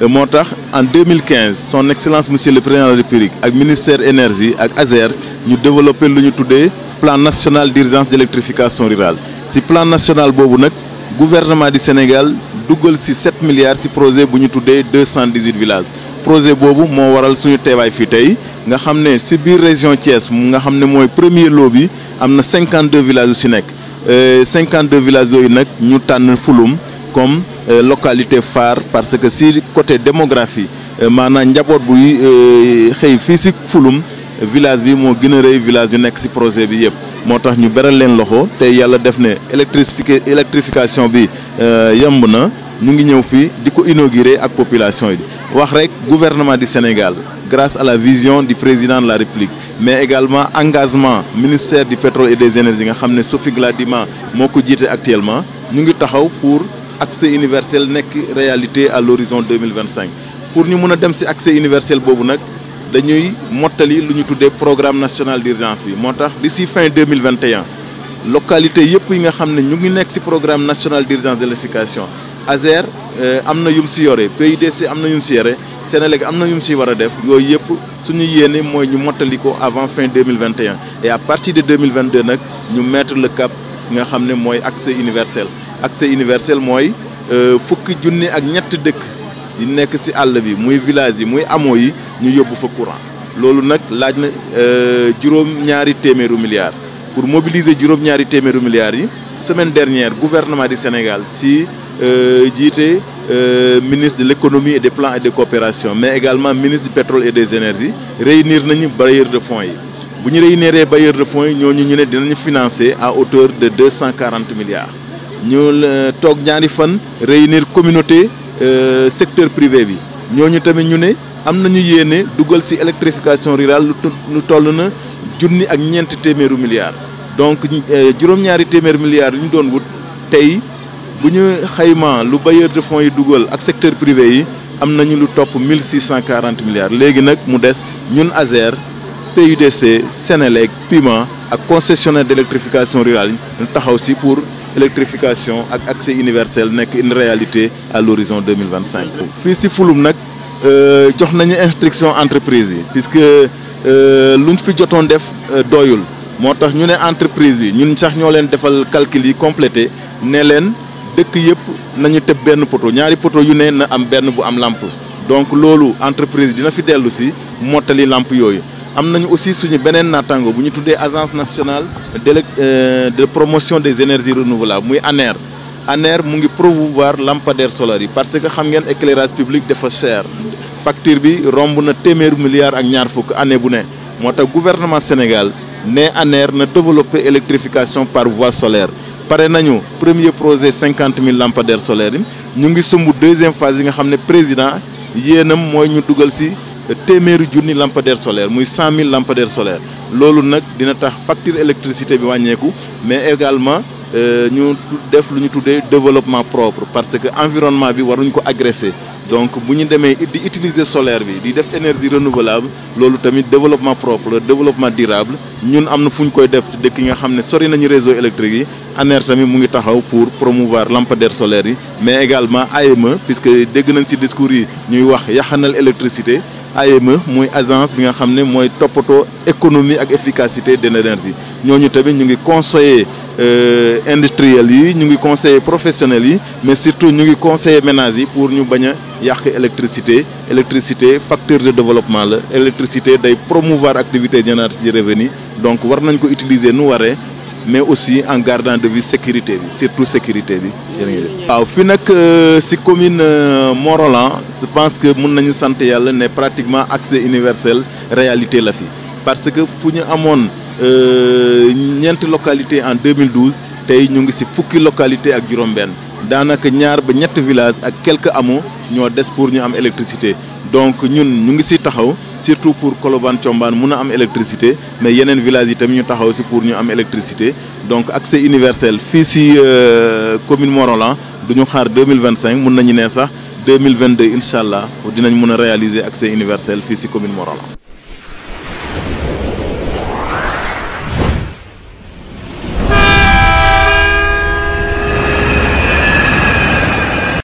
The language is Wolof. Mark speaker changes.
Speaker 1: Euh, moo tax en 2015 son excellence monsieur le président de la ak ministère énergie ak ASER ñu développé lu ñu tuddee plan national d'urgence d'électrification rurale ci plan national boobu nag gouvernement di Sénégal duggal ci 7 milliards ci projet bu ñu tuddee 218 villages projet boobu moo waral suñu teewaay fii tey nga xam ne ci biir région Thiès nga xam ne mooy premier lot bi am na 52 villages yu ci nekk 52 euh, villages yooyu nag ñu tànn Fulum comme Euh, localité phare parce que si côté démographie euh, maanaam njaboot buy euh, xëy fii si Fulum village bi moo gën a rëy village yu nekk si projet bi yëpp moo tax ñu beral leen loxo te yàlla def ne électrifié électrification bi yemb na ñu ngi ñëw fii di ko inaugurer ak population yi wax rek gouvernement du Sénégal grace à la vision du président de la République mais également engagement ministère du pétrole et des énergies nga xam ne Sophie Gladima moo ko jiite actuellement ñu ngi taxaw pour. accès universel nekk réalité à l'horizon 2025 pour ñu mun a dem si accès universel boobu nag dañuy mottali lu ñu tuddee programme national d'urgence bi moo tax d'ici fin 2021 localité yëpp yi nga xam ne ñu ngi nekk si programme national d'urgence de l'éducation ASER euh, am na yum si yore PUDC am na yum si yore Sénélec am na yum si war a def yooyu yëpp suñu yéene mooy ñu mottali ko avant fin 2021 et à partir de 2022 nag ñu mettre le cap nga xam ne mooy accès universel accès universel mooy euh, fukki junni ak ñett dëkk yi nekk ci àll bi muy village yi muy amoo yi ñu yóbbu fa courant loolu nag laaj na euh, juróom-ñaari téeméeru milliards pour mobiliser juróom-ñaari téeméeru milliards yi semaine dernière gouvernement du Sénégal ci euh, jiite ministre de l'économie et des plans et de coopération mais également ministre du pétrole et des énergies réunir nañu bailleurs de fonds yi bu ñu réuniree bailleurs de fonds yi ñooñu ñu ne dinañu financer à de deux cent quarante milliards. ñu toog ñaari fan réunir communauté euh, secteur privé bi ñooñu tamit ñu ne am nañu yéene dugal ci électrification rural lu toll na junni ak ñeenti téeméeru milliards. donc euh, juróom-ñaari téeméeru milliards lu ñu doon wut tey bu ñu xaymaa lu bailleur de fonds yi dugal ak secteur privé yi am nañu lu topp mille six cent quarante milliards léegi nag mu des ñun ASER PUDC Sénélec Pima ak concessionnaire d'électrification rurale ñu taxaw ci pour. électrification ak accès universel nekk une réalité à l'horizon 2025 fii si Fulum nag euh, jox nañu instruction entreprise yi lu euh, luñ fi jotoon def euh, doyul moo tax ñu ne entreprise bi ñun sax ñoo leen defal calcul yi complété ne leen dëkk yëpp nañu teb benn poto ñaari poto yu ne na am benn bu am làmp donc loolu entreprise dina fi dellu si mottali làmp yooyu am nañu aussi suñu beneen naataango bu ñu tuddee agence nationale de euh, de promotion des énergies renouvelables muy ANER ANER mu ngi promouvoir lampadaires solaires yi parce que xam ngeen éclairage public dafa cher facture bi romb na téeméeru milliards ak ñaar fukk année bu ne moo tax gouvernement Sénégal ne ANER na développer électrification par voie solaire pare nañu premier projet cinquante mille lampadaires solaires yi ñu ngi sumb deuxième phase bi nga xam ne président yéenam mooy ñu dugal si. téeméeri junni lampadaire solaire muy cent mille lampadaire solaire loolu nag dina tax facture électricité bi wàññeeku mais également euh, ñu def lu ñu tuddee développement propre parce que environnement bi waruñ ko agresser donc bu ñu demee di utiliser solaire bi di def énergie renouvelable loolu tamit développement propre développement durable ñun am na fu ñu koy def ci dëkk yi nga xam ne sori nañu réseau électrique yi ANER tamit mu ngi taxaw pour promouvoir lampadaire solaire yi mais également AME puisque dégg nañ ci discours yi ñuy wax yaxanal électricité AME muy agence bi nga xam ne mooy toppatoo économie ak efficacité de l'énergie ñooñu tamit ñu ngi conseiller euh, industriels yi ñu ngi conseiller professionnels yi mais surtout ñu ngi conseiller ménages yi pour ñu bañ a yàq électricité électricité facteur de développement la électricité day promouvoir activité génératrice de revenu donc war nañ ko utiliser nu waree mais aussi en gardant de vue sécurité bi surtout sécurité bi. waaw fi nag euh, si commune euh, Morolan je pense que mun nañu sant yàlla ne pratiquement accès universel réalité la fi parce que fu ñu amoon euh, ñeenti localité en 2012 tey ñu ngi ci fukki localité ak juróom-benn daanaka ñaar ba ñett village ak quelques amu ñoo des pour ñu am électricité donc ñun ñu ngi ci taxaw surtout pour Colobane Thiombane mun a am électricité mais yeneen villages yi tamit ñu taxaw ci pour ñu am électricité donc accès universel fii ci euh, commune Morolan du ñu xaar 2025 mun nañu ne sax deux mille vingt deux incha allah dinañ mën a réaliser accès universel fii si commune Morolan.